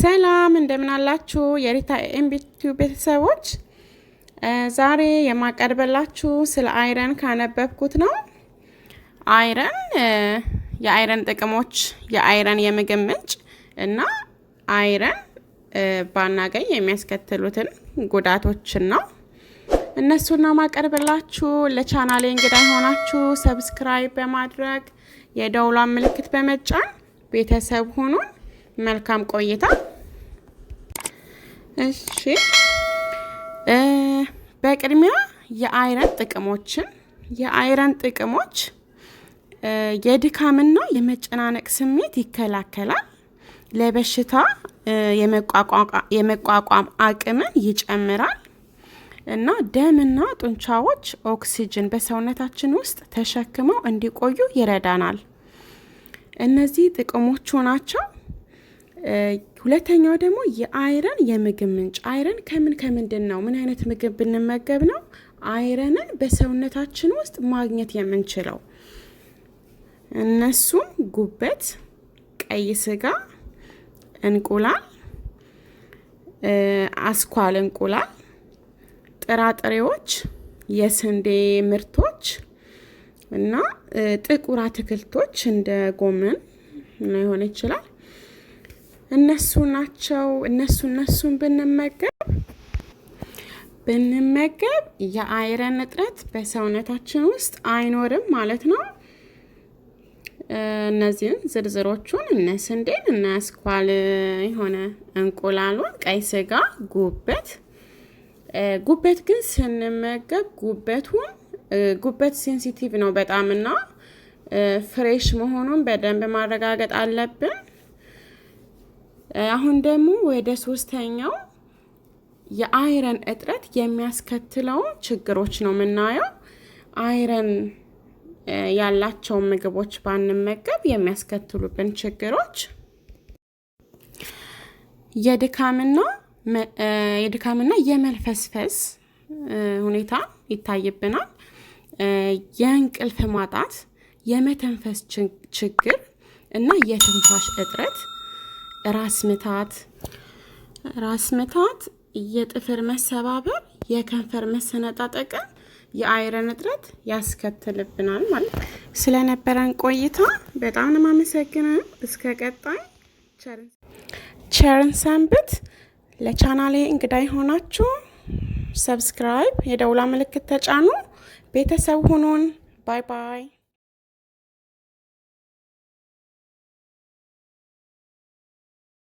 ሰላም እንደምን አላችሁ የሪታ ኤምቢቲዩ ቤተሰቦች፣ ዛሬ የማቀርበላችሁ ስለ አይረን ካነበብኩት ነው። አይረን፣ የአይረን ጥቅሞች፣ የአይረን የምግብ ምንጭ እና አይረን ባናገኝ የሚያስከትሉትን ጉዳቶችን ነው። እነሱን ነው ማቀርብላችሁ። ለቻናሌ እንግዳ የሆናችሁ ሰብስክራይብ በማድረግ የደውሏን ምልክት በመጫን ቤተሰብ ሆኑን። መልካም ቆይታ። እሺ በቅድሚያ የአይረን ጥቅሞችን የአይረን ጥቅሞች የድካምና የመጨናነቅ ስሜት ይከላከላል። ለበሽታ የመቋቋም አቅምን ይጨምራል እና ደምና ጡንቻዎች ኦክሲጅን በሰውነታችን ውስጥ ተሸክመው እንዲቆዩ ይረዳናል። እነዚህ ጥቅሞቹ ናቸው። ሁለተኛው ደግሞ የአይረን የምግብ ምንጭ አይረን ከምን ከምንድን ነው? ምን አይነት ምግብ ብንመገብ ነው አይረንን በሰውነታችን ውስጥ ማግኘት የምንችለው? እነሱም ጉበት፣ ቀይ ስጋ፣ እንቁላል፣ አስኳል እንቁላል፣ ጥራጥሬዎች፣ የስንዴ ምርቶች እና ጥቁር አትክልቶች እንደ ጎመን ሊሆን ይችላል እነሱ ናቸው። እነሱ እነሱን ብንመገብ ብንመገብ የአይረን እጥረት በሰውነታችን ውስጥ አይኖርም ማለት ነው። እነዚህን ዝርዝሮቹን እነ ስንዴን እነ አስኳል የሆነ እንቁላሉን፣ ቀይ ስጋ፣ ጉበት ጉበት ግን ስንመገብ ጉበቱን ጉበት ሴንሲቲቭ ነው በጣም እና ፍሬሽ መሆኑን በደንብ ማረጋገጥ አለብን። አሁን ደግሞ ወደ ሶስተኛው የአይረን እጥረት የሚያስከትለው ችግሮች ነው የምናየው። አይረን ያላቸውን ምግቦች ባንመገብ የሚያስከትሉብን ችግሮች የድካምና የድካምና የመልፈስፈስ ሁኔታ ይታይብናል። የእንቅልፍ ማጣት፣ የመተንፈስ ችግር እና የትንፋሽ እጥረት ራስ ምታት ራስ ምታት፣ የጥፍር መሰባበር፣ የከንፈር መሰነጣጠቅን፣ የአይረን እጥረት ያስከትልብናል ማለት ነው። ስለነበረን ቆይታ በጣም ነው የማመሰግነው። እስከ ቀጣይ ቸርን ሰንብት። ለቻናሌ እንግዳ የሆናችሁ ሰብስክራይብ፣ የደውላ ምልክት ተጫኑ። ቤተሰብ ሁኑን። ባይ ባይ።